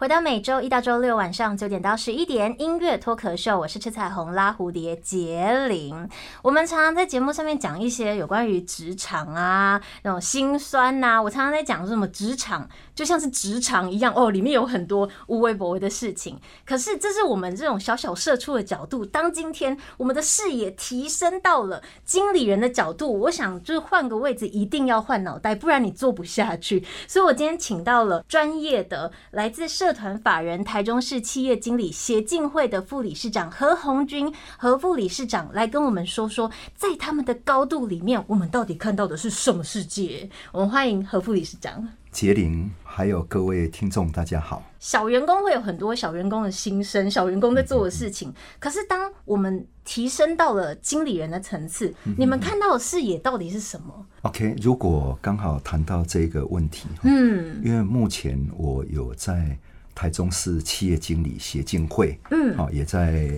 回到每週一到週六晚上九點到十一點，音樂脫口秀，我是吃彩虹拉蝴蝶婕鈴。我們常常在節目上面講一些有關於職場啊那種心酸吶、啊。我常常在講什麼職場就像是職場一樣哦，裡面有很多無微不至的事情。可是這是我們這種小小社畜的角度。當今天我們的視野提升到了經理人的角度，我想就是換個位置，一定要換腦袋，不然你做不下去。所以我今天請到了專業的來自社社團法人台中市企業經理協進會的副理事長何鴻鈞何副理事長來跟我們說說，在他們的高度裡面，我們到底看到的是什麼世界？我們歡迎何副理事長。婕鈴，還有各位聽眾，大家好。小員工會有很多小員工的心聲，小員工在做的事情。嗯嗯嗯嗯，可是，當我們提升到了經理人的層次，嗯嗯嗯，你們看到的視野到底是什麼？OK，如果剛好談到這個問題，嗯，因為目前我有在。台中市企業經理協進會，嗯，好，也在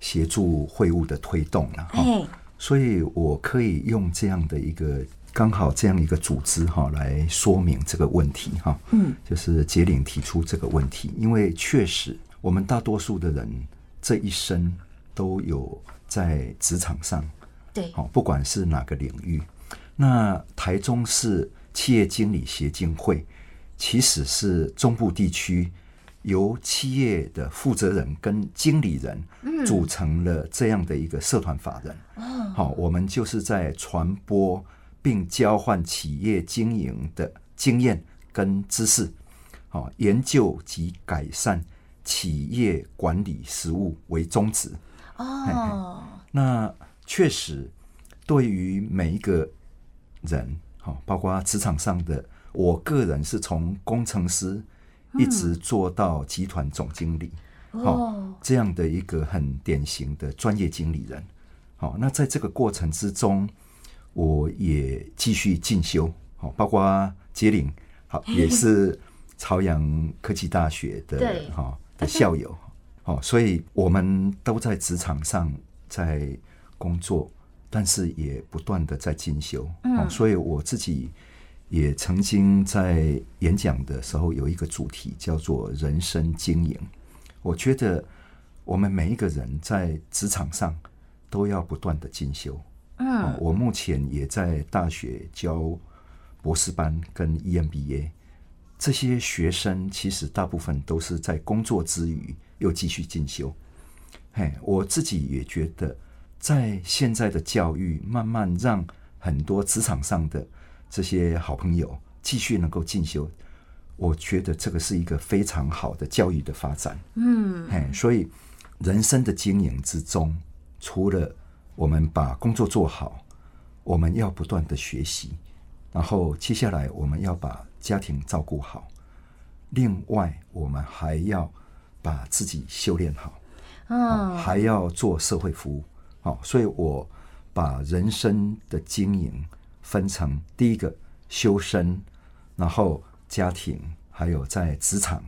協助會務的推動了，哈，所以我可以用這樣的一個剛好這樣一個組織哈來說明這個問題哈，嗯，就是婕鈴提出這個問題，因為確實我們大多數的人這一生都有在職場上，對，好，不管是哪個領域，那台中市企業經理協進會其實是中部地區。由企業的負責人跟經理人組成了這樣的一個社團法人。好、嗯哦，我們就是在傳播並交換企業經營的經驗跟知識，好、哦，研究及改善企業管理實務為宗旨。哦嘿嘿，那確實對於每一個人，好、哦，包括職場上的，我個人是從工程師。一直做到集團總經理，嗯、哦，這樣的一個很典型的專業經理人，好、哦、那在這個過程之中，我也繼續進修，好、哦、包括婕鈴，好也是朝陽科技大學的哈、欸哦、的校友，好、欸哦、所以我們都在職場上在工作，但是也不斷的在進修、嗯哦，所以我自己。也曾經在演講的時候有一個主題叫做“人生經營”。我覺得我們每一個人在職場上都要不斷的進修。嗯，我目前也在大學教博士班跟 EMBA，這些學生其實大部分都是在工作之餘又繼續進修。嘿，我自己也覺得，在現在的教育慢慢讓很多職場上的。這些好朋友繼續能夠進修，我覺得這個是一個非常好的教育的發展。嗯嘿，所以人生的經營之中，除了我們把工作做好，我們要不斷地學習，然後接下來我們要把家庭照顧好，另外我們還要把自己修煉好，啊、哦哦，還要做社會服務。好、哦，所以我把人生的經營。分成第一個修身，然後家庭，還有在職場，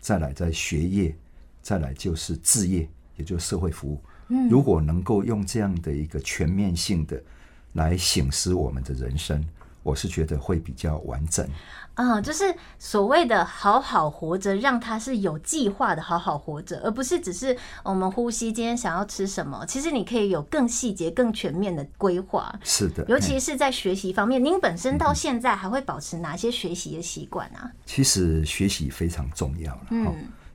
再來在學業，再來就是置業，也就是社會服務。如果能夠用這樣的一個全面性的來省思我們的人生。我是覺得會比較完整，啊、嗯，就是所謂的好好活着，讓他是有計劃的好好活着，而不是只是我們呼吸。今天想要吃什麼？其實你可以有更細節、更全面的規劃。是的，尤其是在學習方面，嗯、您本身到現在還會保持哪些學習的習慣啊？其實學習非常重要，嗯，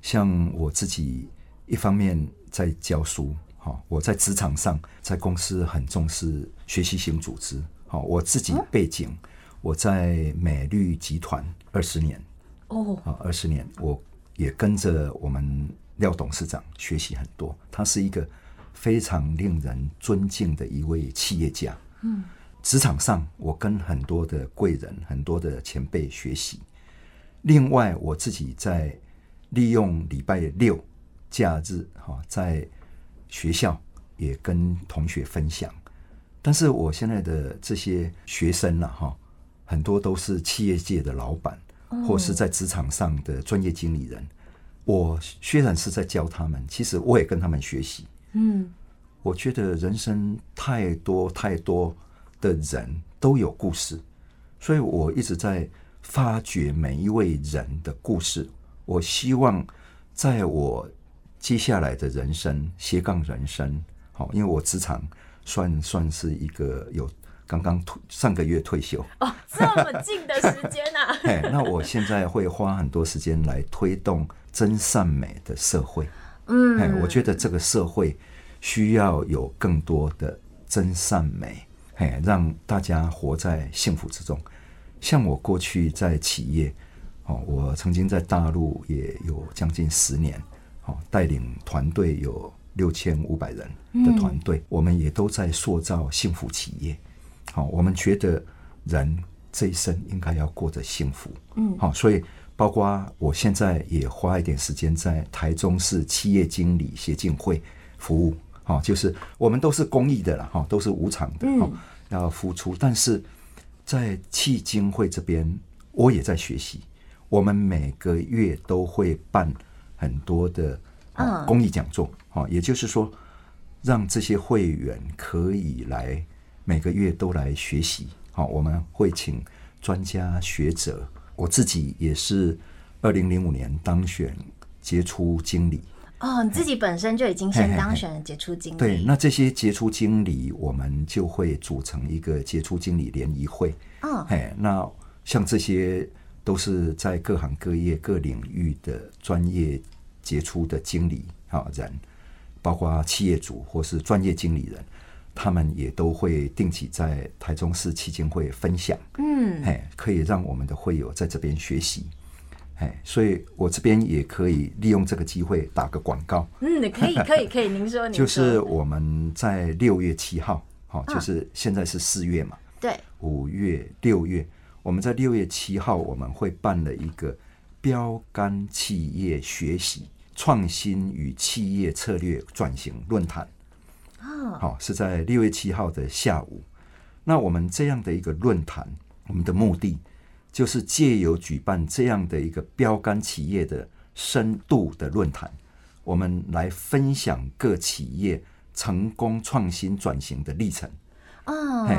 像我自己一方面在教書，哈，我在職場上，在公司很重視學習型組織。我自己背景，我在美律集團二十年哦，二十年，我也跟着我們廖董事長學習很多。他是一個非常令人尊敬的一位企業家。嗯，職場上我跟很多的貴人、很多的前輩學習。另外，我自己在利用禮拜六假日，哈，在學校也跟同學分享。但是我現在的這些學生了、啊、哈，很多都是企業界的老闆，或是在職場上的專業經理人。Oh. 我雖然是在教他們，其實我也跟他們學習。嗯，mm. 我覺得人生太多太多的人都有故事，所以我一直在發掘每一位人的故事。我希望在我接下來的人生斜槓人生，好，因為我職場。算算是一個有剛剛退上個月退休哦，這麼近的時間吶、啊！ 嘿，那我現在會花很多時間來推動真善美的社會。嗯嘿，我覺得這個社會需要有更多的真善美，嘿，讓大家活在幸福之中。像我過去在企業哦，我曾經在大陸也有將近十年哦，帶領團隊有。六千五百人的團隊，嗯、我們也都在塑造幸福企業。好、哦，我們覺得人這一生應該要過著幸福。嗯，好、哦，所以包括我現在也花一點時間在台中市企業經理協進會服務。好、哦，就是我們都是公益的了，哈，都是無償的，哈、嗯哦，要付出。但是在企經會這邊，我也在學習。我們每個月都會辦很多的。公益講座，哦、也就是說，讓這些會員可以來每個月都來學習，我們會請專家學者，我自己也是二零零五年當選傑出經理。哦，你自己本身就已經先當選了傑出經理嘿嘿嘿。對，那這些傑出經理，我們就會組成一個傑出經理聯誼會。哦，那像這些都是在各行各業各領域的專業。傑出的經理啊，人，包括企業主或是專業經理人，他們也都會定期在台中市企經會分享，嗯，哎，可以讓我們的會友在這邊學習，哎，所以我這邊也可以利用這個機會打個廣告，嗯，可以，可以，可以，您說，您說，就是我們在六月七號，好，就是現在是四月嘛，對，五月六月，我們在六月七號我們會辦了一個標杆企業學習。創新與企業策略轉型論壇、oh. 哦，好，是在六月七號的下午。那我們這樣的一個論壇，我們的目的就是借由舉辦這樣的一個標杆企業的深度的論壇，我們來分享各企業成功創新轉型的歷程、oh. 嘿，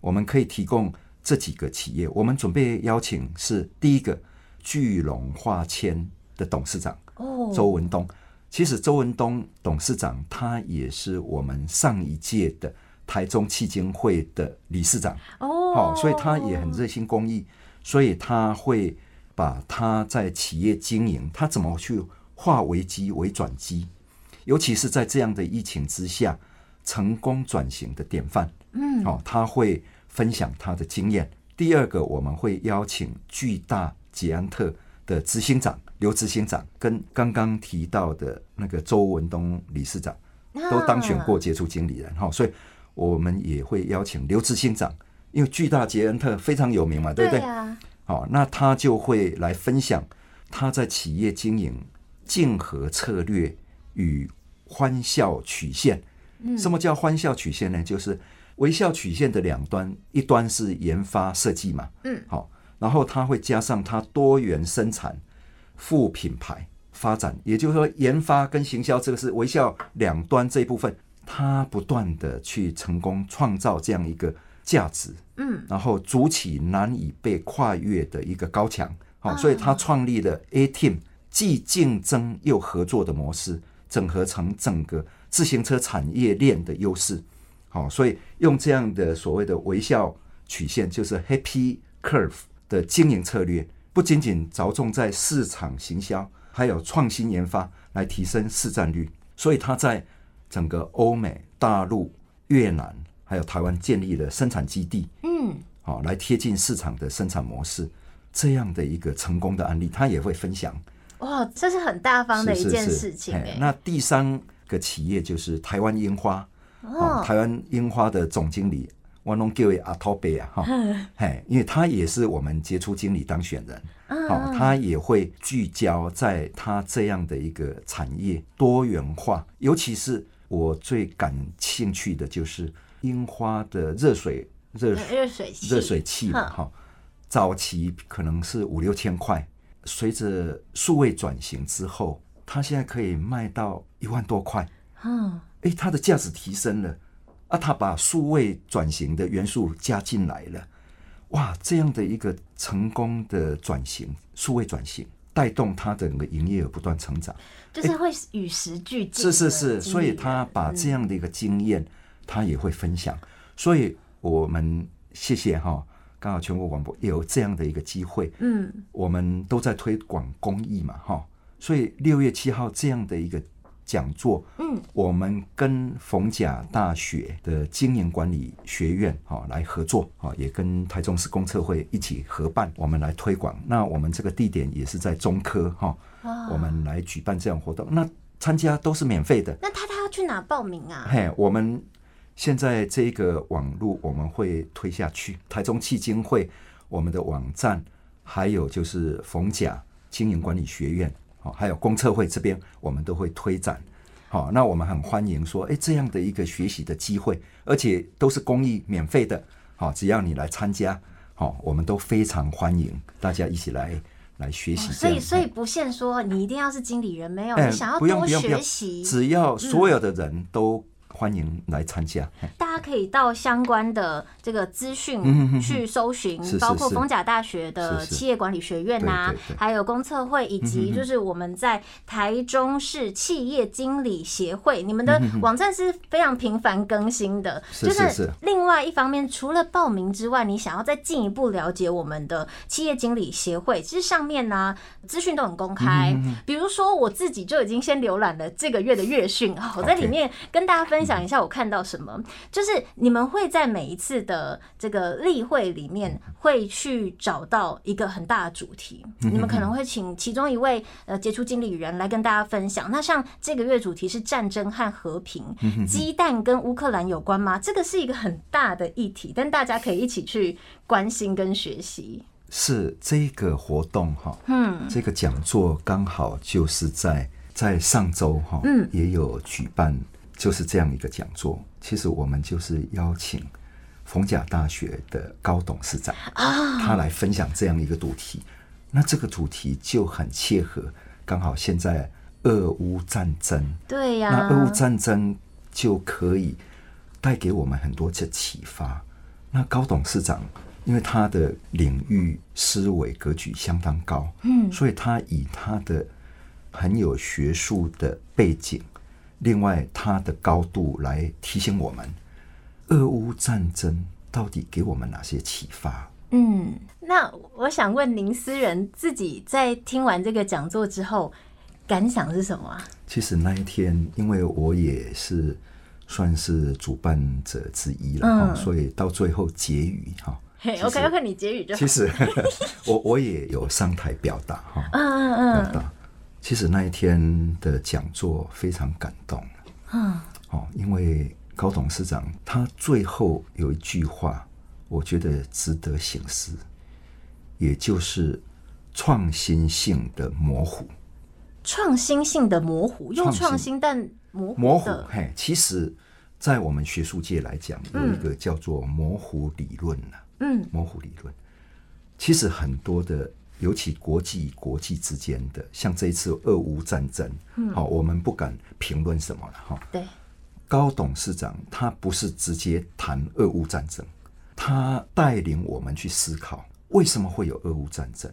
我們可以提供這幾個企業，我們準備邀請是第一個巨龍化纖的董事長。周文東，其實周文東董事長他也是我們上一屆的台中企經會的理事長哦，哦，所以他也很熱心公益，所以他會把他在企業經營他怎麼去化危機為轉機，尤其是在這樣的疫情之下成功轉型的典範，嗯，好，哦，他會分享他的經驗。第二個，我們會邀請巨大捷安特的執行長劉執行長跟剛剛提到的那個周文東理事長、啊、都當選過傑出經理人哈，所以我們也會邀請劉執行長，因為巨大捷安特非常有名嘛，對不對？好、啊哦，那他就會來分享他在企業經營競合策略與歡笑曲線。嗯、什麼叫歡笑曲線呢？就是微笑曲線的兩端，一端是研發設計嘛，嗯，好、哦。然後它會加上它多元生產、副品牌發展，也就是說研發跟行銷這個是微笑兩端這一部分，它不斷的去成功創造這樣一個價值，嗯，然後築起難以被跨越的一個高牆。好，所以它創立了 A team 既競爭又合作的模式，整合成整個自行車產業鏈的優勢。好，所以用這樣的所謂的微笑曲線，就是 Happy Curve。的經營策略不僅僅着重在市場行銷，還有創新研發來提升市佔率。所以他在整個歐美、大陸、越南還有台灣建立了生產基地，嗯，好、哦、來貼近市場的生產模式，這樣的一個成功的案例，他也會分享。哇，這是很大方的一件事情欸，是是是，欸。那第三個企業就是台灣櫻花哦，台灣櫻花的總經理。我弄幾位阿托貝啊，哈，因為他也是我們傑出經理當選人，好，他也會聚焦在他這樣的一個產業多元化，尤其是我最感興趣的就是櫻花的熱水熱熱水熱水器嘛，哈，早期可能是五六千塊，隨着數位轉型之後，它現在可以賣到一萬多塊，嗯，它的價值提升了。那、啊、他把數位轉型的元素加進來了，哇，這樣的一個成功的轉型，數位轉型帶動他的營業額不斷成長，就是會與時俱進、欸。是是是，所以他把這樣的一個經驗，他也會分享。嗯、所以我們謝謝哈，剛好全國廣播也有這樣的一個機會，嗯，我們都在推廣公益嘛，哈，所以六月七號這樣的一個。講座，嗯，我們跟逢甲大學的經營管理學院哈來合作啊，也跟台中市公測會一起合辦，我們來推廣。那我們這個地點也是在中科哈，我們來舉辦這樣活動。那參加都是免費的。那他他要去哪報名啊？嘿，我們現在這個網路，我們會推下去，台中企經會我們的網站，還有就是逢甲經營管理學院。哦，還有企經會這邊，我們都會推展。好，那我們很歡迎說，哎、欸，這樣的一個學習的機會，而且都是公益免費的。好，只要你來參加，好，我們都非常歡迎大家一起來來學習、哦。所以，所以不限說、嗯、你一定要是經理人，沒有，想要多學習、欸，只要所有的人都。歡迎來參加，大家可以到相關的這個資訊去搜尋，嗯、是是是，包括逢甲大學的企業管理學院啊，是是對對對，還有公測會，以及就是我們在台中市企業經理協會，嗯、哼你們的網站是非常頻繁更新的。嗯、是是，是，就是另外一方面，除了報名之外，你想要再進一步了解我們的企業經理協會，其實上面呢資訊都很公開。嗯、哼比如說我自己就已經先瀏覽了這個月的月訊，啊、嗯哼，我在裡面跟大家分享。分享一下，我看到什麼？就是你們會在每一次的這個例會裡面，會去找到一個很大的主題。嗯、哼你們可能會請其中一位呃傑出經理人來跟大家分享。那像這個月主題是戰爭和和平，雞、嗯、哼蛋跟烏克蘭有關嗎？這個是一個很大的議題，但大家可以一起去關心跟學習。是這個活動哈，嗯、哦，這個講座剛好就是在在上周哈，哦、嗯，也有舉辦。就是這樣一個講座，其實我們就是邀請逢甲大學的高董事長啊，oh. 他來分享這樣一個主題。那這個主題就很切合，剛好現在俄烏戰爭，對呀、啊，那俄烏戰爭就可以帶給我們很多的啟發。那高董事長因為他的領域思維格局相當高，嗯，所以他以他的很有學術的背景。另外，它的高度來提醒我們，俄烏戰爭到底給我們哪些啟發？嗯，那我想問您私人，自己在聽完這個講座之後，感想是什麼、啊？其實那一天，因為我也是算是主辦者之一了，嗯、所以到最後結語哈，OK OK 你結語就好。其實 我我也有上台表達哈，嗯嗯嗯。其實那一天的講座非常感動、嗯、哦，因為高董事長他最後有一句話，我覺得值得省思，也就是創新性的模糊，創新性的模糊，用創新模糊但模糊、模糊、嘿，其實，在我們學術界來講，嗯、有一個叫做模糊理論、啊、嗯，模糊理論，其實很多的。尤其國際與國際之間的，像這一次俄烏戰爭，好、嗯哦，我們不敢評論什麼了哈。哦、對，高董事長他不是直接談俄烏戰爭，他帶領我們去思考為什麼會有俄烏戰爭，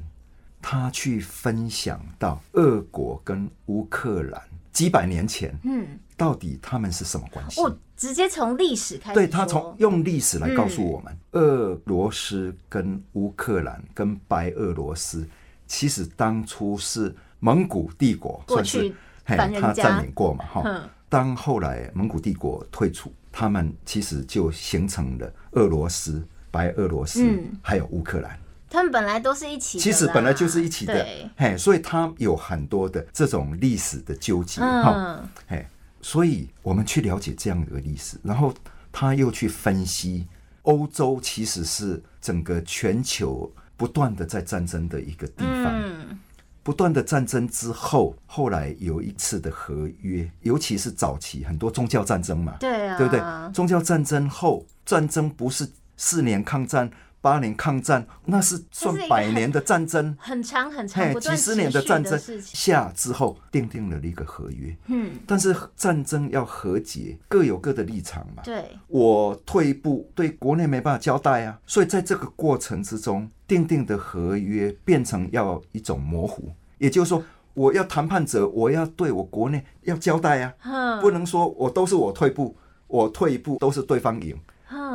他去分享到俄國跟烏克蘭幾百年前，嗯，到底他們是什麼關係？直接從歷史開始，對，他從用歷史來告訴我們，嗯、俄羅斯跟烏克蘭跟白俄羅斯，其實當初是蒙古帝國過去算是他佔領過嘛哈。呵當後來蒙古帝國退出，他們其實就形成了俄羅斯、白俄羅斯，嗯、還有烏克蘭。他們本來都是一起，其實本來就是一起的，對嘿，所以他有很多的這種歷史的糾結哈，嗯所以，我們去了解這樣一個歷史，然後他又去分析歐洲其實是整個全球不斷的在戰爭的一個地方，嗯、不斷的戰爭之後，後來有一次的合約，尤其是早期很多宗教戰爭嘛，對啊，對不對？宗教戰爭後，戰爭不是四年抗戰。八年抗戰，那是算百年的戰爭，很,很長很長，幾十年的戰爭的下之後，訂定,定了一個合約。嗯，但是戰爭要和解，各有各的立場嘛。對，我退一步，對國內沒辦法交代啊。所以在這個過程之中，訂定,定的合約變成要一種模糊，也就是說，我要談判者，我要對我國內要交代啊，嗯、不能說我都是我退步，我退一步都是對方贏。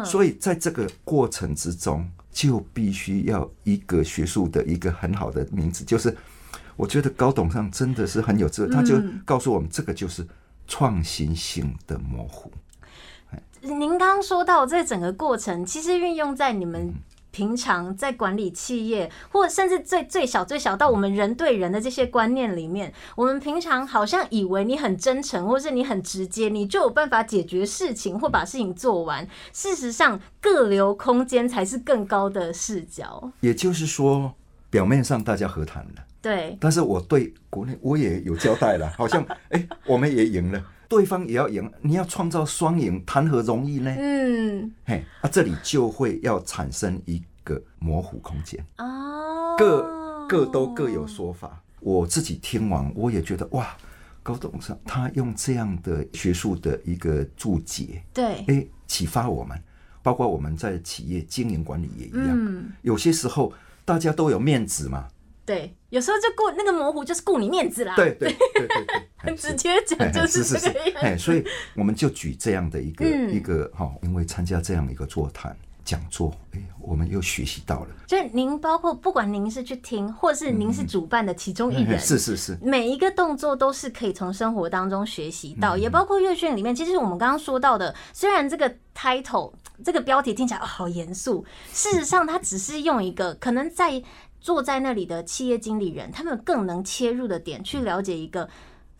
所以在這個過程之中，就必須要一個學術的一個很好的名字。就是我覺得高董上真的是很有智慧，他就告訴我們這個就是創新性的模糊。嗯，您剛剛說到這整個過程，其實運用在你們。嗯平常在管理企業，或甚至最最小最小到我們人對人的這些觀念裡面，我們平常好像以為你很真誠，或是你很直接，你就有辦法解決事情或把事情做完。事實上，各留空間才是更高的視角。也就是說，表面上大家和談了，對，但是我對國內我也有交代了，好像、 欸、我們也贏了。對方也要贏，你要創造雙贏，談何容易呢？嗯，嘿，啊，這裡就會要產生一個模糊空間啊，哦，各各都各有說法。我自己聽完，我也覺得哇，高董事長他用這樣的學術的一個注解，對，哎，欸，啟發我們，包括我們在企業經營管理也一樣。嗯，有些時候大家都有面子嘛。對，有時候就顧那個模糊，就是顧你面子啦。對，對對對， 是直接講就是這個樣是。哎，所以我們就舉這樣的一個、嗯、一個哈，因為參加這樣一個座談講座，哎、欸，我們又學習到了。所以您包括不管您是去聽，或是您是主辦的其中一人，是是、嗯嗯嗯、是，是是每一個動作都是可以從生活當中學習到，嗯、也包括樂訓裡面。其實我們剛剛說到的，雖然這個 title 這個標題聽起來好嚴肅，事實上它只是用一個、嗯、可能在。坐在那裡的企業經理人，他們更能切入的點去了解一個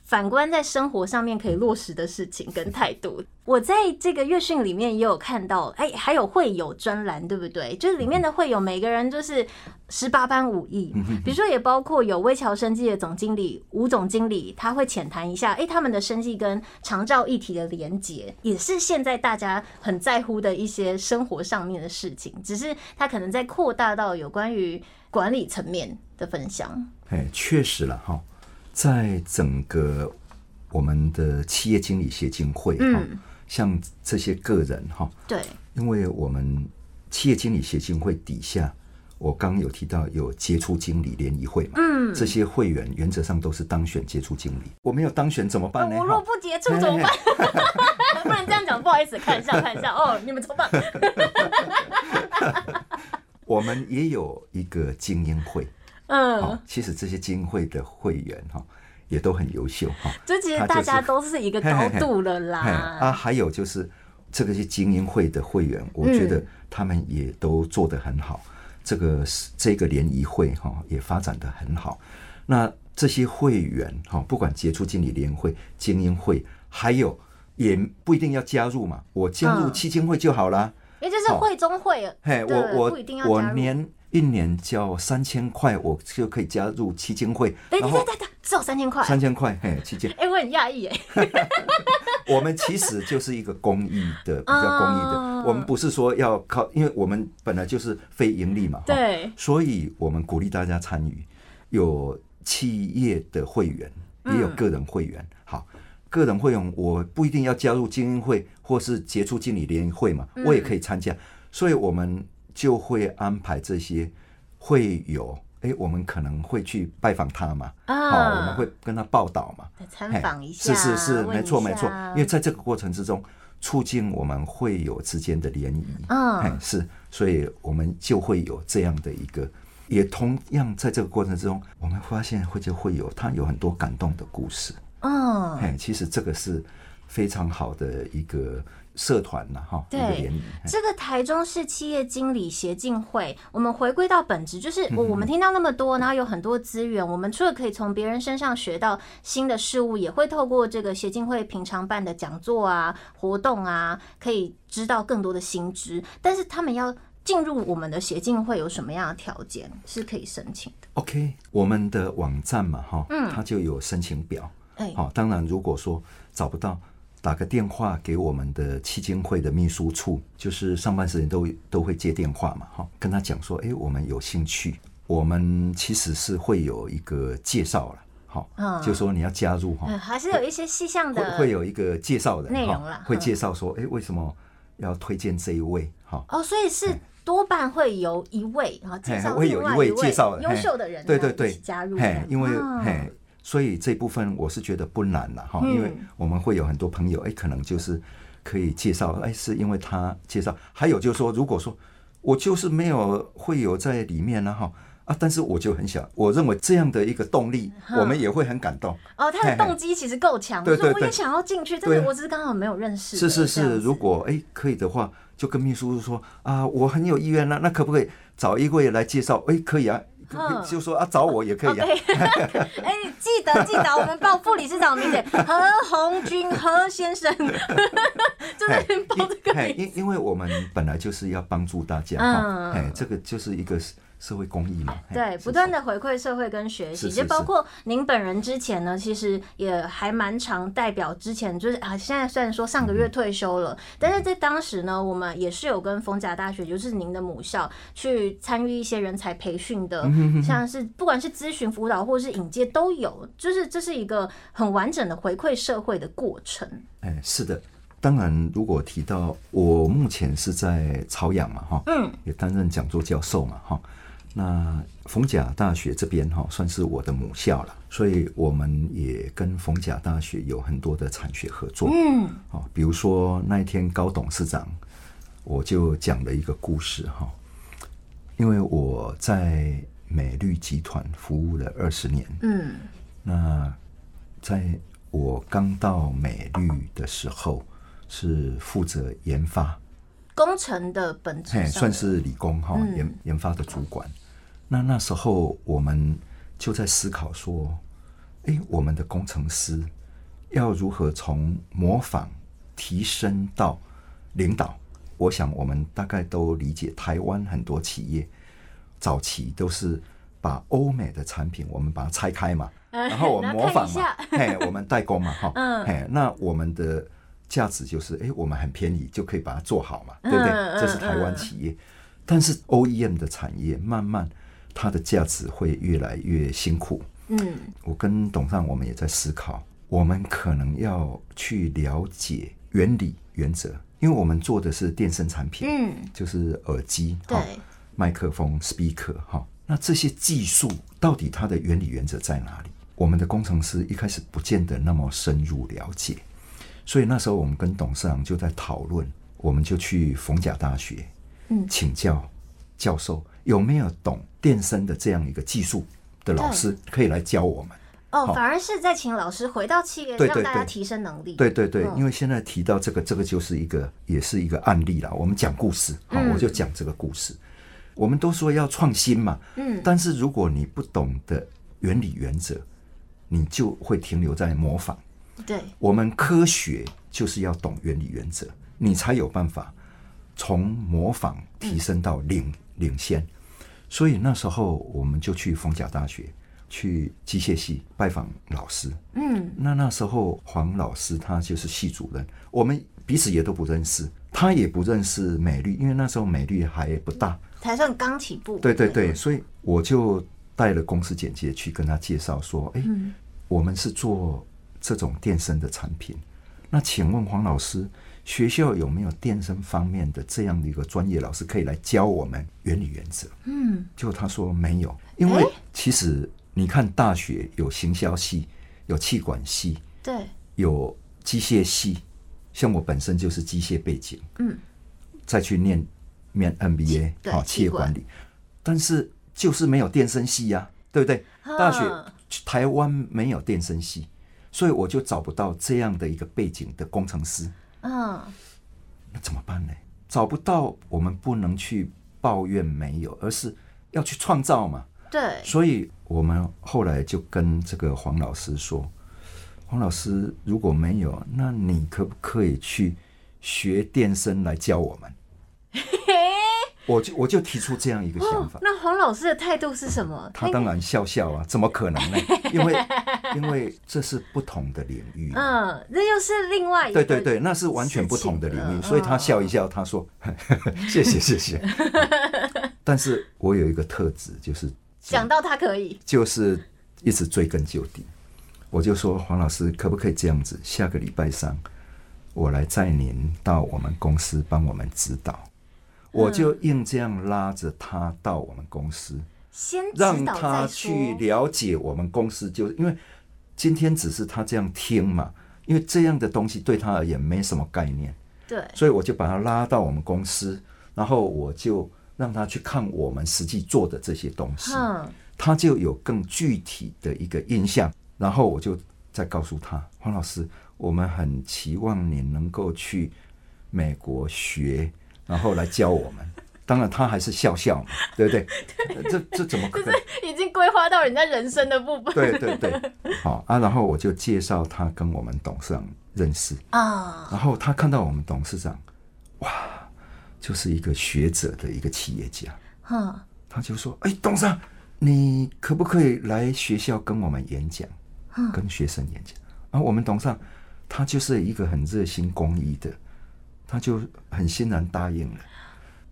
反觀在生活上面可以落實的事情跟態度。 我在這個月訊裡面也有看到，哎、欸，還有會友專欄，對不對？就是裡面的會友每個人就是十八般武藝， 比如說也包括有微喬生技的總經理吳總經理，他會淺談一下，哎、欸，他們的生技跟長照議題的連結，也是現在大家很在乎的一些生活上面的事情。只是他可能在擴大到有關於。管理層面的分享、欸，哎，確實了哈，在整個我們的企業經理協進會，嗯，像這些個人哈，對，因為我們企業經理協進會底下，我剛有提到有傑出經理聯誼會嘛，嗯，這些會員原則上都是當選傑出經理，我沒有當選怎麼辦呢？我若不傑出怎麼辦？欸、 不能這樣講，不好意思，看一下看一下哦，你們怎麼辦我們也有一個精英會，嗯，好，其實這些精英會的會員哈，也都很優秀哈，這其實大家都是一個高度了啦。嘿嘿嘿啊，還有就是這個是精英會的會員，我覺得他們也都做得很好，嗯、這個這個聯誼會哈也發展得很好。那這些會員哈，不管傑出經理聯會、精英會，還有也不一定要加入嘛，我加入企經會就好啦。嗯也就是會中會一定要，嘿，我我我年一年交三千塊，我就可以加入企經會。哎，對對對，只有三千塊。三千塊，嘿，企經。哎，我很訝異，哎。我們其實就是一個公益的，比較公益的。我們不是說要靠，因為我們本來就是非營利嘛。對。所以我們鼓勵大家參與，有企業的會員，也有個人會員。個人會用，我不一定要加入精英會或是傑出經理聯誼會嘛，嗯、我也可以參加，所以我們就會安排這些會友，哎、欸，我們可能會去拜訪他嘛，好、哦哦，我們會跟他報道嘛，參訪一下，是是是，沒錯沒錯，因為在這個過程之中，促進我們會友之間的聯誼，嗯、哦，是，所以我們就會有這樣的一個，也同樣在這個過程之中，我們發現會就會有他有很多感動的故事。嗯，哎，其實這個是非常好的一個社團吶、啊，哈。對，個這個台中市企業經理協進會，我們回歸到本質，就是我我們聽到那麼多，嗯、然後有很多資源，我們除了可以從別人身上學到新的事物，也會透過這個協進會平常辦的講座啊、活動啊，可以知道更多的新知。但是他們要進入我們的協進會有什麼樣的條件是可以申請的？OK，我們的網站嘛，哈，嗯，它就有申請表。嗯好、哦，當然，如果說找不到，打個電話給我們的企經會的秘書處，就是上班時間都都會接電話嘛。哈、哦，跟他講說，哎、欸，我們有興趣，我們其實是會有一個介紹了，好、哦，哦、就說你要加入哈、哦嗯，還是有一些細項的會會，會有一個介紹的內容會介紹說，哎、欸，為什麼要推薦這一位？哈、哦，哦，所以是多半會有一位哈、哦、介紹、欸，會有一位介紹優、欸、秀的人一的、欸，對對對，加入、欸，哦、因為，嘿、欸。所以這部分我是覺得不難了哈，嗯、因為我們會有很多朋友，誒、欸，可能就是可以介紹，誒、欸，是因為他介紹。還有就是說，如果說我就是沒有會有在裡面呢、啊、哈啊，但是我就很想，我認為這樣的一個動力，嗯、哼我們也會很感動。哦，他的動機其實夠強，所以嘿我也想要進去，但、這、是、個、我只是剛好沒有認識。是是是，如果誒、欸、可以的話，就跟秘書說啊，我很有意願了、啊，那可不可以找一位來介紹？誒、欸？可以啊。就說啊，找我也可以。啊 Okay. 哎，記得記得，我們報副理事長的名字，何鴻鈞何先生， 就是報這個。因、哎、因為我們本來就是要幫助大家哈，嗯、哎，這個就是一個。社會公益嘛，哎，對，是不斷的回饋社會跟學習，是就包括您本人之前呢，是是是其實也還蠻常。代表之前就是啊，現在雖然說上個月退休了，嗯、但是在當時呢，嗯、我們也是有跟逢甲大學，就是您的母校，嗯、去參與一些人才培訓的，嗯、像是不管是諮詢輔導或是引介都有，就是這是一個很完整的回饋社會的過程，哎。是的，當然如果提到我目前是在朝陽嘛，哈，嗯，也擔任講座教授嘛，哈。那逢甲大學這邊哈，算是我的母校了，所以我們也跟逢甲大學有很多的產學合作。嗯，哦，比如說那一天高董事長，我就講了一個故事哈，因為我在美律集團服務了二十年。嗯，那在我剛到美律的時候，是負責研發工程的本質，算是理工哈，嗯、研研發的主管。那那時候，我們就在思考說：“哎、欸，我們的工程師要如何從模仿提升到領導？”我想，我們大概都理解台灣很多企業早期都是把歐美的產品，我們把它拆開嘛，然後我們模仿嘛，下嘿，我們代工嘛，哈，嘿，那我們的價值就是：哎、欸，我們很便宜，就可以把它做好嘛，對不對？這是台灣企業，但是 OEM 的產業慢慢，它的價值會越來越辛苦。嗯，我跟董事長我們也在思考，我們可能要去了解原理、原則，因為我們做的是電聲產品，嗯，就是耳機、哈對麥克風、speaker 哈，那這些技術到底它的原理、原則在哪裡？我們的工程師一開始不見得那麼深入了解，所以那時候我們跟董事長就在討論，我們就去逢甲大學，嗯，請教教授有沒有懂。變身的這樣一個技術的老師可以來教我們對哦，反而是在請老師回到企業，對對對，讓大家提升能力。對對對，嗯、因為現在提到這個，這個就是一個也是一個案例了。我們講故事，好、哦，嗯、我就講這個故事。我們都說要創新嘛，嗯，但是如果你不懂的原理原則，你就會停留在模仿。對，我們科學就是要懂原理原則，你才有辦法從模仿提升到領、嗯、領先。所以那時候我們就去逢甲大學去機械系拜訪老師。嗯，那那時候黃老師他就是系主任，我們彼此也都不認識，他也不認識美律，因為那時候美律還不大，才算剛起步。對對對，嗯、所以我就帶了公司簡介去跟他介紹說，哎、欸，嗯、我們是做這種電聲的產品，那請問黃老師。學校有沒有電聲方面的這樣的一個專業老師可以來教我們原理原則？嗯，就他說沒有，因為其實你看大學有行銷系，有企管系，對，有機械系，像我本身就是機械背景，嗯，再去念念 MBA，好，企業管理，但是就是沒有電聲系呀，對不對？大學台灣沒有電聲系，所以我就找不到這樣的一個背景的工程師。嗯，那怎麼辦呢？找不到，我們不能去抱怨沒有，而是要去創造嘛。對。所以，我們後來就跟這個黃老師說：“黃老師，如果沒有，那你可不可以去學電聲來教我們？”我就我就提出這樣一個想法。哦、那黃老師的態度是什麼？嗯？他當然笑笑啊，怎麼可能呢？欸？ 因為因為這是不同的領域。嗯，那又是另外一個對對對，那是完全不同的領域，所以他笑一笑，他說呵謝謝謝謝。 嗯、但是，我有一個特質，就是講到他可以，就是一直追根究底。我就說，黃老師可不可以這樣子？下個禮拜三，我來載您到我們公司幫我們指導。我就硬這樣拉着他到我們公司，先讓他去了解我們公司，就因為今天只是他這樣聽嘛，因為這樣的東西對他而言沒什麼概念，對，所以我就把他拉到我們公司，然後我就讓他去看我們實際做的這些東西，嗯，他就有更具體的一個印象，然後我就再告訴他，黃老師，我們很期望你能夠去美國學。然後來教我們，當然他還是笑笑嘛，對不對？ 這這怎麼可能？已經規劃到人家人生的部分。對對對，好、哦、啊。然後我就介紹他跟我們董事長認識啊。Oh. 然後他看到我們董事長，哇，就是一個學者的一個企業家。哈，oh. 他就說：“哎，董事長，你可不可以來學校跟我們演講？Oh. 跟學生演講？”啊，我們董事長，他就是一個很熱心公益的。他就很欣然答應了，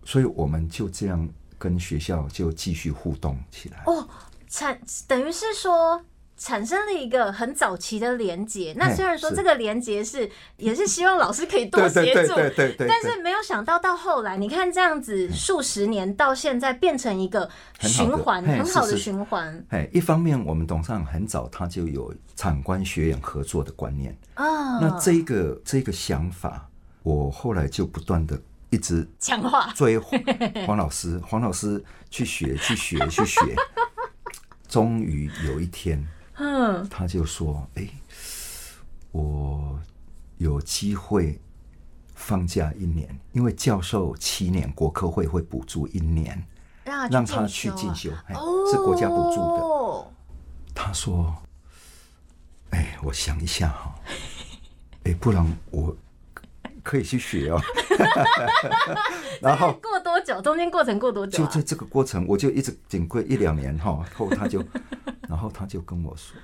所以我們就這樣跟學校就繼續互動起來。哦，產等於是說產生了一個很早期的連結。那雖然說這個連結是，是也是希望老師可以多協助，但是沒有想到到後來，你看這樣子數十年到現在變成一個循環，很好，很好的循環。哎，一方面我們董事長很早他就有產官學員合作的觀念，哦，那這個這個想法。我後來就不斷的一直講話，追黃老師，黃老師去學去學去學，終於 有一天，嗯，他就說：“哎、欸，我有機會放假一年，因為教授七年國科會會補助一年，讓他去進修，是國家補助的。哦”他說：“哎、欸，我想一下哈、喔，哎、欸，不然我。”可以去學哦、喔， 然後過多久？中間過程過多久？就在這個過程，我就一直頂過一兩年，然後他就，然後他就跟我說，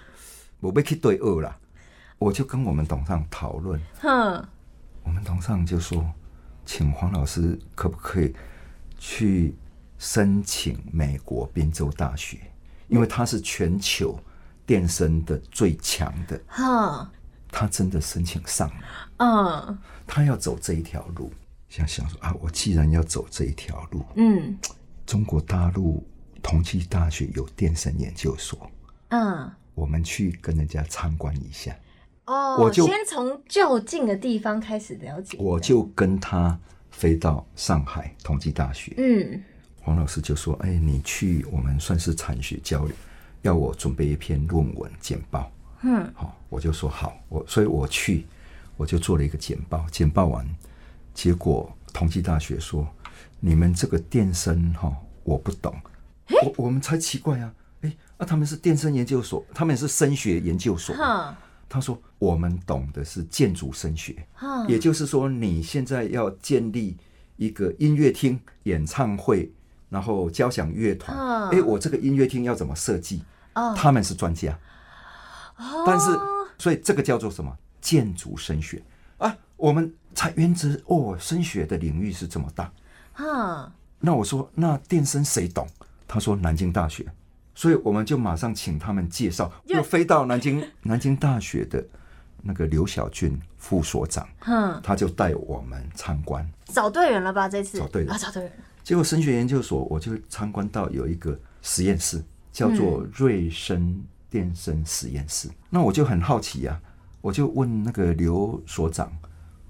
我被去對二了，我就跟我們董事長討論，我們董事長就說，請黃老師可不可以去申請美國賓州大學，因為他是全球電聲的最強的，哈。他真的申請上了，嗯，uh, 他要走這一條路，想想說啊，我既然要走這一條路，嗯，中國大陸同濟大學有電聲研究所，嗯，uh, 我們去跟人家參觀一下，哦，oh, 我就先從就近的地方開始了解，我就跟他飛到上海同濟大學，嗯，黃老師就說，哎、欸，你去我們算是產學交流，要我準備一篇論文簡報。嗯，好，我就說好，我所以我去，我就做了一個簡報，簡報完，結果同濟大學說，你們這個電聲哈、哦、我不懂，嘿我我們才奇怪啊，哎、欸，啊，他們是電聲研究所，他們也是聲學研究所，呵他說我們懂的是建築聲學，呵也就是說你現在要建立一個音樂廳、演唱會，然後交響樂團，哎呵、欸，我這個音樂廳要怎麼設計？哦、他們是專家。但是，所以這個叫做什麼建築聲學啊？我們才原知哦，聲學的領域是這麼大。嗯。那我說，那電聲誰懂？他說南京大學。所以我們就馬上請他們介紹，就飛到南京越南京大學的，那個劉小俊副所長。嗯。他就帶我們參觀。找對人了吧？這次找對人啊，找對了。結果聲學研究所，我就參觀到有一個實驗室，叫做瑞生。電聲實驗室，那我就很好奇呀、啊，我就問那個劉所長，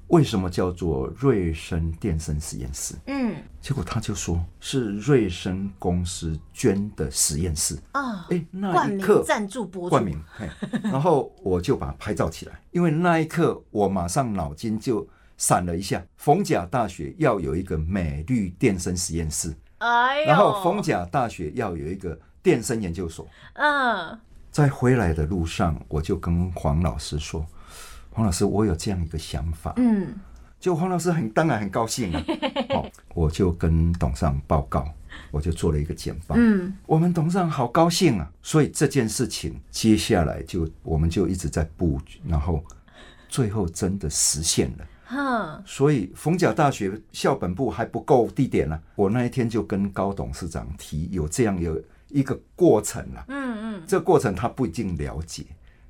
為什麼叫做瑞聲電聲實驗室？嗯，結果他就說是瑞聲公司捐的實驗室啊。哎、哦，欸、那一刻贊助播冠名。然後我就把拍照起來， 因為那一刻我馬上腦筋就閃了一下，逢甲大學要有一個美律電聲實驗室，哎呦，然後逢甲大學要有一個電聲研究所，嗯。在回來的路上，我就跟黃老師說：“黃老師，我有這樣一個想法。”嗯，就黃老師很當然很高興了、啊。好、 哦，我就跟董事長報告，我就做了一個簡報。嗯，我們董事長好高興啊！所以這件事情接下來就我們就一直在布，然後最後真的實現了。嗯，所以逢甲大學校本部還不夠地點了、啊，我那一天就跟高董事長提有這樣有。一個過程了、啊嗯，嗯嗯，這個過程他不一定了解，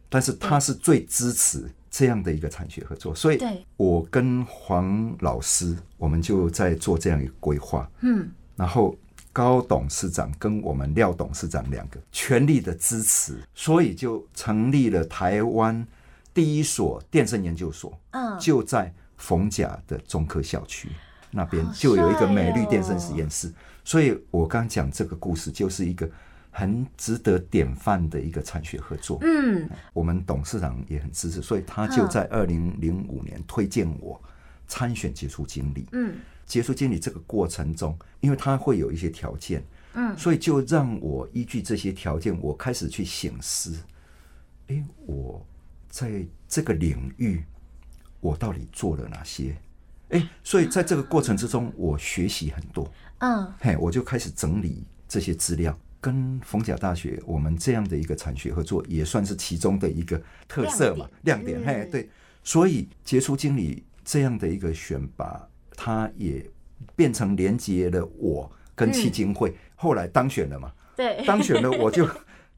但是他是最支持這樣的一個產學合作，嗯、所以我跟黃老師，我們就在做這樣一個規劃，嗯、然後高董事長跟我們廖董事長兩個全力的支持，所以就成立了台灣第一所電聲研究所，嗯、就在逢甲的中科校區那邊就有一個美律電聲實驗室。所以我剛講這個故事，就是一個很值得典範的一個產學合作。嗯，我們董事長也很支持，所以他就在二零零五年推薦我參選傑出經理。嗯，傑出經理這個過程中，因為他會有一些條件，嗯，所以就讓我依據這些條件，我開始去省思：哎，我在這個領域，我到底做了哪些？哎，所以在這個過程之中，我學習很多。嗯，嘿，oh. hey, 我就開始整理這些資料，跟逢甲大學我們這樣的一個產學合作也算是其中的一個特色嘛、亮點，嘿點，嗯、hey, 對，所以傑出經理這樣的一個選拔，他也變成連接了我跟企經會。嗯、後來當選了嘛，對，當選了我就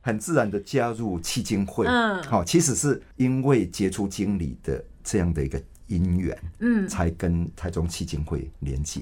很自然的加入企經會。嗯，好，其實是因為傑出經理的這樣的一個因緣，嗯，才跟台中企經會連接。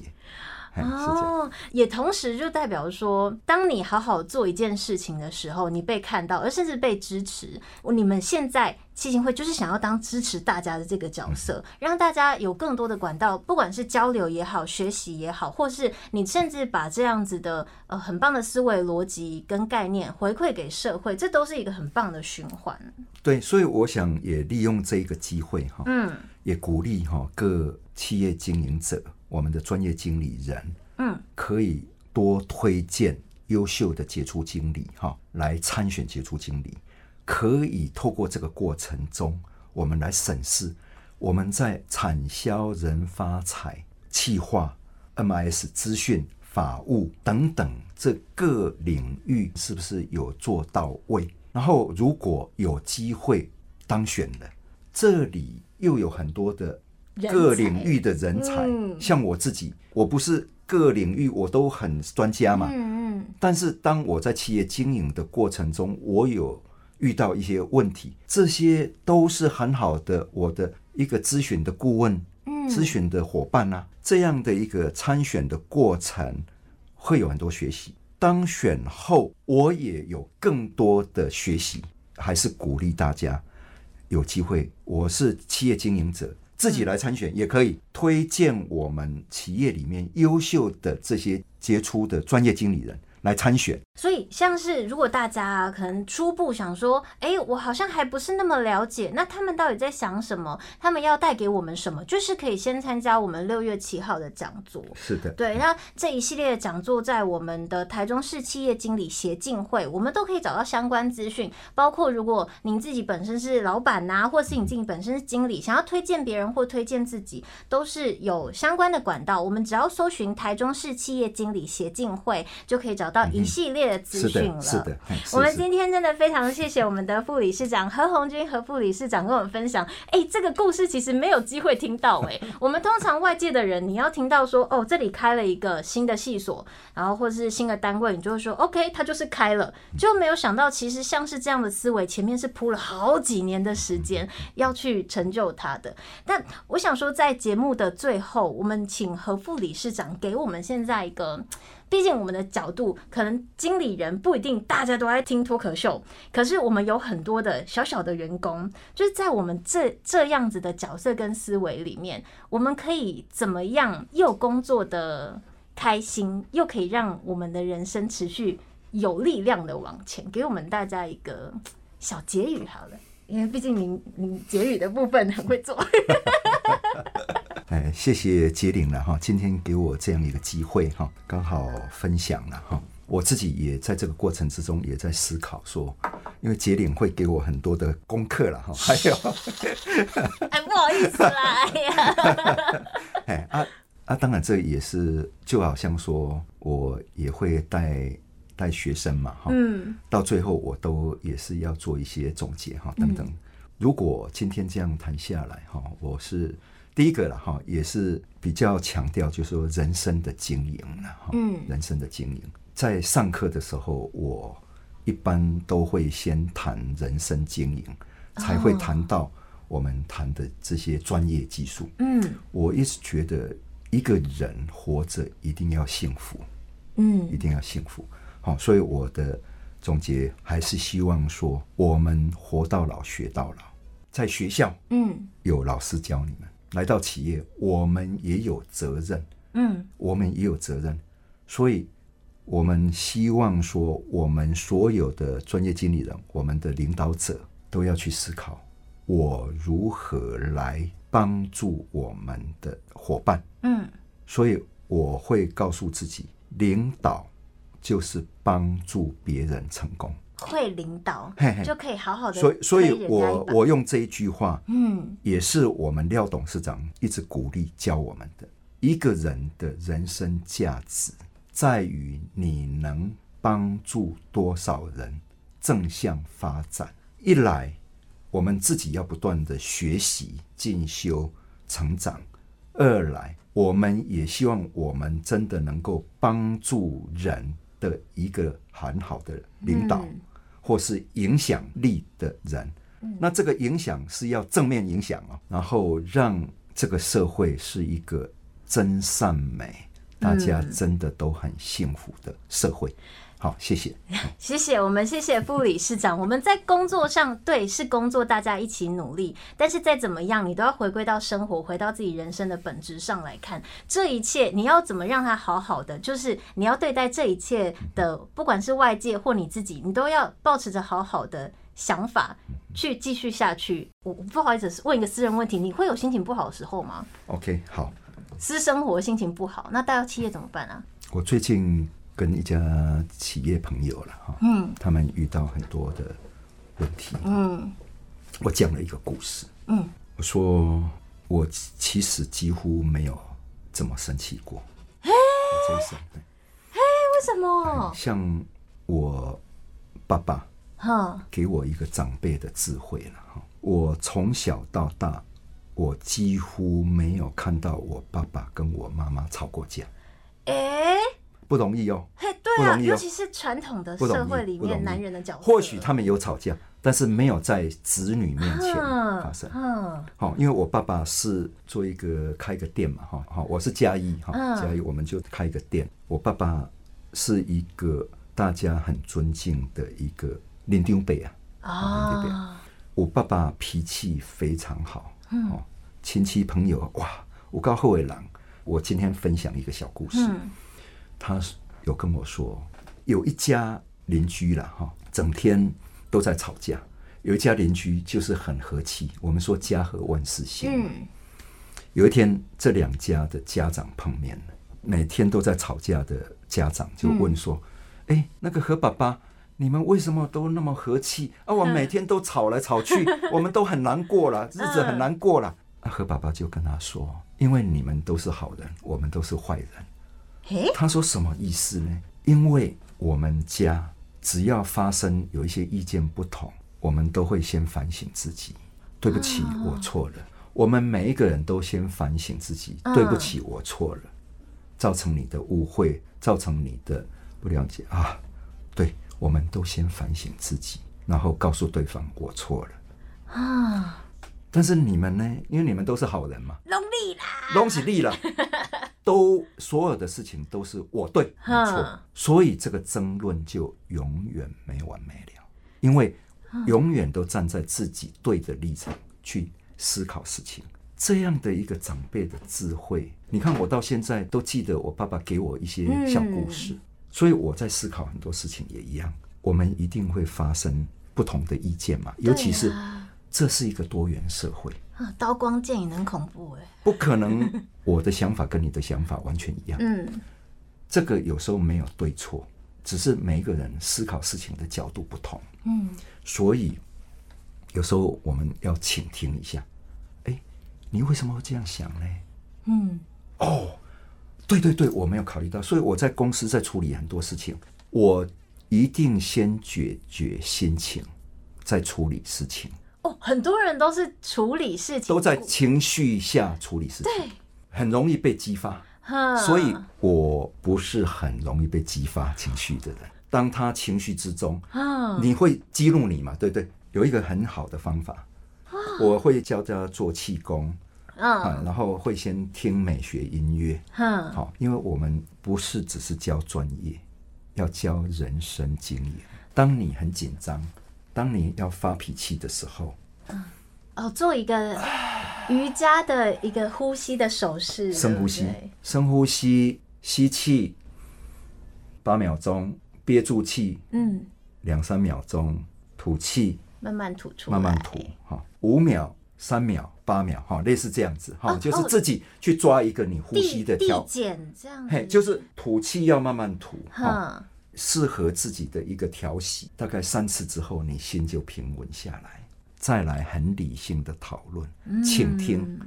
哦，也同時就代表說，當你好好做一件事情的時候，你被看到，而甚至被支持。你們現在企經會就是想要當支持大家的這個角色，嗯、讓大家有更多的管道，不管是交流也好、學習也好，或是你甚至把這樣子的呃很棒的思維邏輯跟概念回饋給社會，這都是一個很棒的循環。對，所以我想也利用這一個機會哈，嗯，也鼓勵哈各企業經營者。我們的專業經理人，嗯，可以多推薦優秀的傑出經理哈來參選傑出經理，可以透過這個過程中，我們來審視我們在產銷人發財企劃、MIS 資訊、法務等等這各領域是不是有做到位。然後，如果有機會當選了，這裡又有很多的。各領域的人才，像我自己，我不是各領域我都很專家嘛。但是當我在企業經營的過程中，我有遇到一些問題，這些都是很好的我的一個諮詢的顧問，諮詢的夥伴啊，這樣的一個參選的過程，會有很多學習。當選後，我也有更多的學習，還是鼓勵大家有機會。我是企業經營者，自己來參選也可以推薦我們企業裡面優秀的這些傑出的專業經理人。來參選，所以像是如果大家，啊，可能初步想說，哎，欸，我好像還不是那麼了解，那他們到底在想什麼？他們要帶給我們什麼？就是可以先參加我們六月七號的講座。是的，對。那這一系列的講座在我們的台中市企業經理協進會，我們都可以找到相關資訊。包括如果您自己本身是老闆吶，啊，或是你自己本身是經理，想要推薦別人或推薦自己，都是有相關的管道。我們只要搜尋台中市企業經理協進會，就可以找。到一系列的資訊了。我們今天真的非常謝謝我們的副理事長何鴻鈞，和副理事長跟我們分享。哎，這個故事其實沒有機會聽到。哎，我們通常外界的人，你要聽到說，哦，這裡開了一個新的系所，然後或者是新的單位，你就會說，OK，他就是開了，就沒有想到其實像是這樣的思維，前面是鋪了好幾年的時間要去成就他的。但我想說，在節目的最後，我們請何副理事長給我們現在一個。畢竟我們的角度，可能經理人不一定大家都愛聽脫口秀，可是我們有很多的小小的員工，就是在我們這這樣子的角色跟思維裡面，我們可以怎麼樣又工作的開心，又可以讓我們的人生持續有力量的往前，給我們大家一個小結語好了，因為畢竟您您結語的部分很會做。 哎，謝謝婕鈴了哈，今天給我這樣一個機會哈，剛好分享了哈。我自己也在這個過程之中也在思考說，說因為婕鈴會給我很多的功課了哈，還有哎不好意思啦， 哎呀，哎啊啊，當然這也是就好像說我也會帶帶學生嘛哈，嗯，到最後我都也是要做一些總結哈等等。嗯、如果今天這樣談下來哈，我是。第一個了哈，也是比較強調，就是說人生的經營了哈。嗯，人生的經營，在上課的時候，我一般都會先談人生經營，哦，才會談到我們談的這些專業技術。嗯，我一直覺得一個人活着一定要幸福，嗯，一定要幸福。好，所以我的總結還是希望說，我們活到老學到老，在學校，嗯，有老師教你們。嗯來到企業，我們也有責任，嗯，我們也有責任，所以，我們希望說，我們所有的專業經理人，我們的領導者都要去思考，我如何來幫助我們的夥伴，嗯，所以我會告訴自己，領導就是幫助別人成功。會領導，嘿嘿就可以好好的。所以，所以，我我用這一句話，嗯，也是我們廖董事長一直鼓勵教我們的。一個人的人生價值，在於你能幫助多少人正向發展。一來，我們自己要不斷的學習、進修、成長；二來，我們也希望我們真的能夠幫助人的一個很好的領導。嗯或是影響力的人，那這個影響是要正面影響哦，然後讓這個社會是一個真善美，大家真的都很幸福的社會。好，謝謝， 謝謝我們，謝謝副理事長。我們在工作上，對，是工作，大家一起努力。但是再怎麼樣，你都要回歸到生活，回到自己人生的本質上來看這一切。你要怎麼讓他好好的？就是你要對待這一切的，不管是外界或你自己，你都要保持着好好的想法去繼續下去我。我不好意思問一個私人問題，你會有心情不好的時候嗎？OK，好。私生活心情不好，那帶到企業怎麼辦啊？我最近，跟一家企業朋友了哈，嗯，他們遇到很多的問題，嗯，我講了一個故事，嗯，我說我其實幾乎沒有這麼嘿這生氣過，為什麼？像我爸爸，哈，給我一個長輩的智慧了哈，嗯、我從小到大，我幾乎沒有看到我爸爸跟我媽媽吵過架，哎、欸。不容易哦，嘿、哦，hey, 對啊，哦、尤其是傳統的社會裡面，男人的角色，或許他們有吵架，但是沒有在子女面前發生。嗯，好、嗯，因為我爸爸是做一個開一個店嘛，哈，好，我是嘉、嗯、家一哈，家一我們就開一個店。我爸爸是一個大家很尊敬的一個林丁輩、啊哦、輩啊，我爸爸脾氣非常好，嗯，親戚朋友哇，我告訴偉郎，我今天分享一個小故事。嗯他有跟我說，有一家鄰居啦哈，整天都在吵架。有一家鄰居就是很和氣。我們說家和萬事興。嗯，有一天這兩家的家長碰面了，每天都在吵架的家長就問說：“哎、嗯欸，那個何爸爸，你們為什麼都那麼和氣？啊，我每天都吵來吵去， 我們都很難過啦，日子很難過啦。嗯”啊，何爸爸就跟他說：“因為你們都是好人，我們都是壞人。”他說什麼意思呢？因為我們家只要發生有一些意見不同，我們都會先反省自己。對不起，uh、我錯了。我們每一個人都先反省自己。對不起，uh、我錯了，造成你的誤會，造成你的不了解啊。對，我們都先反省自己，然後告訴對方我錯了啊。Uh 但是你們呢？因為你們都是好人嘛，攏立啦，攏起立了，都所有的事情都是我對， 沒錯，所以這個爭論就永遠沒完沒了，因為永遠都站在自己對的立場去思考事情。這樣的一個長輩的智慧，你看我到現在都記得我爸爸給我一些小故事，嗯，所以我在思考很多事情也一樣。我們一定會發生不同的意見嘛，尤其是。這是一個多元社會啊，刀光劍影很恐怖哎！不可能，我的想法跟你的想法完全一樣。嗯，這個有時候沒有對錯，只是每個人思考事情的角度不同。嗯，所以有時候我們要傾聽一下，哎，你為什麼會這樣想呢？嗯，哦，對對對，我沒有考慮到，所以我在公司在處理很多事情，我一定先解決心情，再處理事情。哦，很多人都是處理事情，都在情緒下處理事情，對，很容易被激發。呵所以我不是很容易被激發情緒的人。當他情緒之中，啊呵，你會激怒你嘛？對不對？有一個很好的方法，呵我會教他做氣功，呵然後會先聽美學音樂，好呵，因為我們不是只是教專業，要教人生經驗。當你很緊張。當你要發脾氣的時候，嗯哦，做一個瑜伽的一個呼吸的手勢，深呼吸，對對深呼吸，吸氣八秒鐘，憋住氣，嗯，兩三秒鐘，吐氣，慢慢吐出來，慢慢吐，哈、哦，五秒、三秒、八秒，哈、哦，類似這樣子，哈、哦，哦、就是自己去抓一個你呼吸的條件，這樣子，嘿，就是吐氣要慢慢吐，哈、嗯。哦適合自己的一個調息，大概三次之後，你心就平穩下來，再來很理性的討論，嗯、傾聽，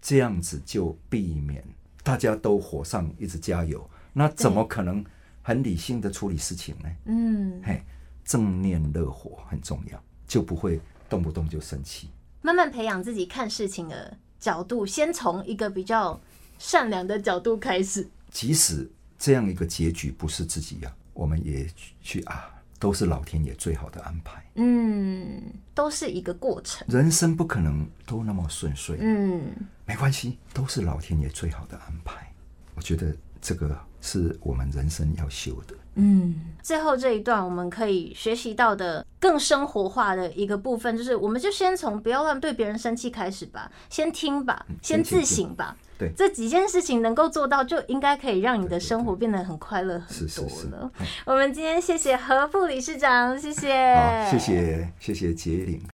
這樣子就避免大家都火上一直加油，那怎麼可能很理性的處理事情呢？嗯，嘿，正念熱火很重要，就不會動不動就生氣，慢慢培養自己看事情的角度，先從一個比較善良的角度開始，即使這樣一個結局不是自己要。我們也去啊，都是老天爺最好的安排。嗯，都是一個過程，人生不可能都那麼順遂。嗯，沒關係，都是老天爺最好的安排。我覺得這個。是我們人生要修的。嗯，最後這一段我們可以學習到的更生活化的一個部分，就是我們就先從不要亂對別人生氣開始吧，先聽吧，先自省吧，嗯緊緊。對，這幾件事情能夠做到，就應該可以讓你的生活變得很快樂很多了。我們今天謝謝何副理事長，謝謝，謝謝，謝謝婕鈴。